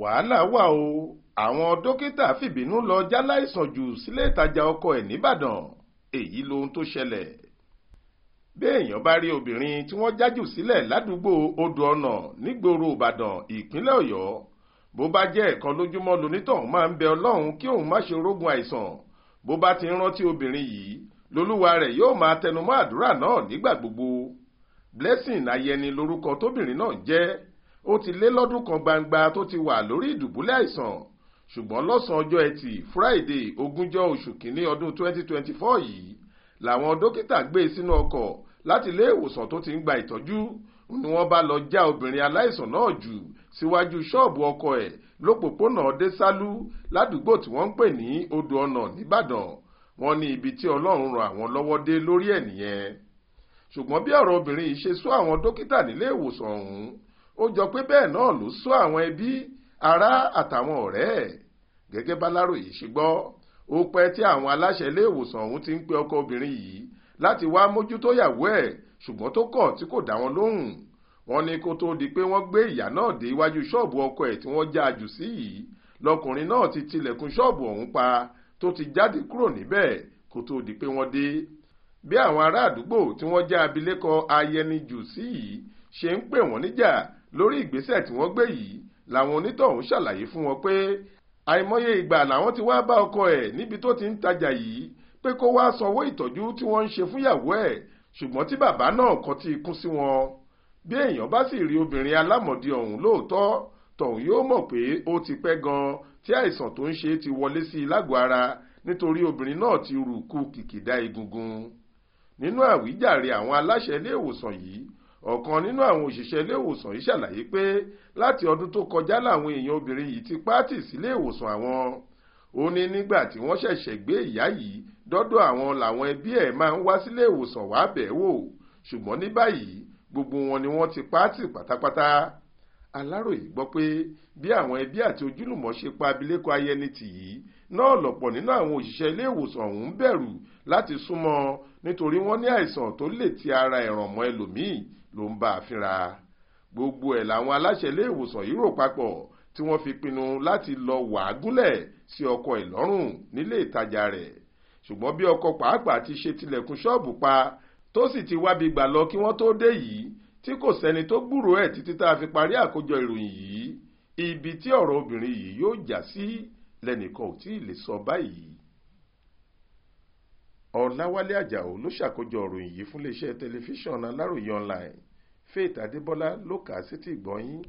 wàhálà wà o àwọn dókítà fìbínú lọ jáláìsàn jù sílé ìtajà ọkọ ẹ̀ nìbàdàn èyí lohun tó ṣẹlẹ̀ béèyàn bá rí obìnrin tí wọ́n jájù sílẹ̀ ládùúgbò odò ọ̀nà nígboro ìbàdàn ìpínlẹ̀ ọ̀yọ́ bó bá jẹ́ ẹ̀kan lójúmọ́ lonítọ̀hún máa ń bẹ ọlọ́run kí òun má ṣe rógun àìsàn bó bá ti ń rántí obìnrin yìí lolúwa rẹ̀ yóò máa tẹnumọ́ àdúrà náà nígbà gbogbo blessing ayẹni lorúkọ tóbìnrin náà jẹ́ ó ti lé lọ́dún kan gbangba tó ti wà lórí ìdùbúlẹ̀ àìsàn ṣùgbọ́n lọ́sàn-án ọjọ́ ẹtì friday ogúnjọ́ oṣù kínní ọdún 2024 yìí làwọn dókítà gbé e sínú ọkọ̀ láti ilé ìwòsàn tó ti ń gba ìtọ́jú ni wọ́n bá lọ já obìnrin aláìsàn náà jù síwájú ṣọ́ọ̀bù ọkọ ẹ̀ lópòpónà désálú ládùúgbò tí wọ́n ń pè ní odò ọ̀nà nìbàdàn wọ́n ní ibi tí ọlọ́run ràn àwọn lọ́wọ́ dé lórí ẹ̀ nìyẹn ṣùgbọ́n bí ọ̀rọ̀ obìnrin yìí ṣe sú àwọn dókítà nílé ìwòsàn ọ̀hún ó jọ pé bẹ́ẹ̀ náà ló sọ àwọn ẹbí ará àtàwọn ọ̀rẹ́ ẹ̀ gẹ́gẹ́ báláròyé ṣe gbọ́ ó pẹ́ tí àwọn aláṣẹ ilé ìwòsàn ọ̀hún ti ń pe ọkọ obìnrin yìí láti wá mójútó yàwó ẹ̀ ṣùgbọ́n tó kọ̀ tí kò dá wọn lóhùn wọ́n ní kó tóó di pé wọ́n gbé ìyá náà dé iwájú ṣọ́ọ̀bù ọkọ ẹ̀ tí wọ́n já a jù sí yìí lọkùnrin náà ti tilẹ̀kùn ṣọ́ọ̀bù ọ̀hún pa tó ti jáde kúrò níbẹ̀ kó tóó di pé wọ́n dé bí àwọn ará àdúgbò tí wọ́n já abilékọ ayẹni jù sí yìí ṣe ń pè wọ́n níjà lórí ìgbésẹ̀ tí wọ́n gbé yìí làwọn onítọ̀hún ṣàlàyé fún wọn pé àìmọye ìgbà làwọn ti wá bá ọkọ ẹ̀ níbi tó ti ń tajà yìí pé kó wá sanwó ìtọ́jú tí wọ́n ń ṣe fúnyàwó ẹ̀ ṣùgbọ́n tí bàbá náà kọ́ ti kún sí wọn bí èèyàn bá sì rí obìnrin alámọ̀dí ọ̀hún lóòótọ́ tọ̀hún yóò mọ̀ pé ó ti pẹ́ gan tí àìsàn tó ń ṣe ti wọlé sí i lágọ̀ọ́ ara nítorí obìnrin náà ti rù kú kìkìdá egungun nínú àwíjàre àwọn aláṣẹ ilé ìwòsàn yìí ọ̀kan nínú àwọn òṣìṣẹ́ iléèwòsàn yìí ṣàlàyé pé láti ọdún tó kọjá làwọn èèyàn obìnrin yìí ti pátì sílé ìwòsàn àwọn ó ní nígbà tí wọ́n ṣẹ̀ṣẹ̀ gbé ìyá yìí dọ́dọ̀ àwọn làwọn ẹbí ẹ̀ máa ń wá sílé ìwòsàn wá bẹ̀ wò ṣùgbọ́n ní báyìí gbogbo wọn ni wọ́n ti pátì pátápátá aláròyé gbọ́ pé bí àwọn ẹbí àti ojúlùmọ̀ ṣe pa abilékọ ayẹni tì yìí náà lọ̀pọ̀ nínú àwọn òṣìṣẹ́ ilé ọ̀hún bẹ̀rù láti súnmọ́ nítorí wọ́n ní àìsàn tó lè ti ara ẹ̀ràn mọ́ ẹlòmíì ló ń bá a fínra gbogbo ẹ̀ làwọn aláṣẹ ilé ìwòsàn yìí rò papọ̀ tí wọ́n fi pinnu láti lọ wàá gúnlẹ̀ sí ọkọ ẹ̀ lọ́rùn nílé ìtajà rẹ̀ ṣùgbọ́n bí ọkọ pàápàá ti ṣe tilẹ̀kùn ṣọ́ọ̀bù pa tó sì ti wábi gbà lọ kí wọ́n tó dé yìí tí kò sẹ́ni tó gbúròó ẹ̀ títí tá a fi parí àkójọ ìròyìn yìí ibi tí ọ̀rọ̀ obìnrin yìí yóò já sí lẹ́nìkan ò tí ì lè sọ báyìí ọ̀làwálé àjàò ló ṣàkójọ ìròyìn yìí fún iléeṣẹ́ tẹlifíṣàn aláròye online faith adébọlá ló kà á sétí ìgbọ́ yín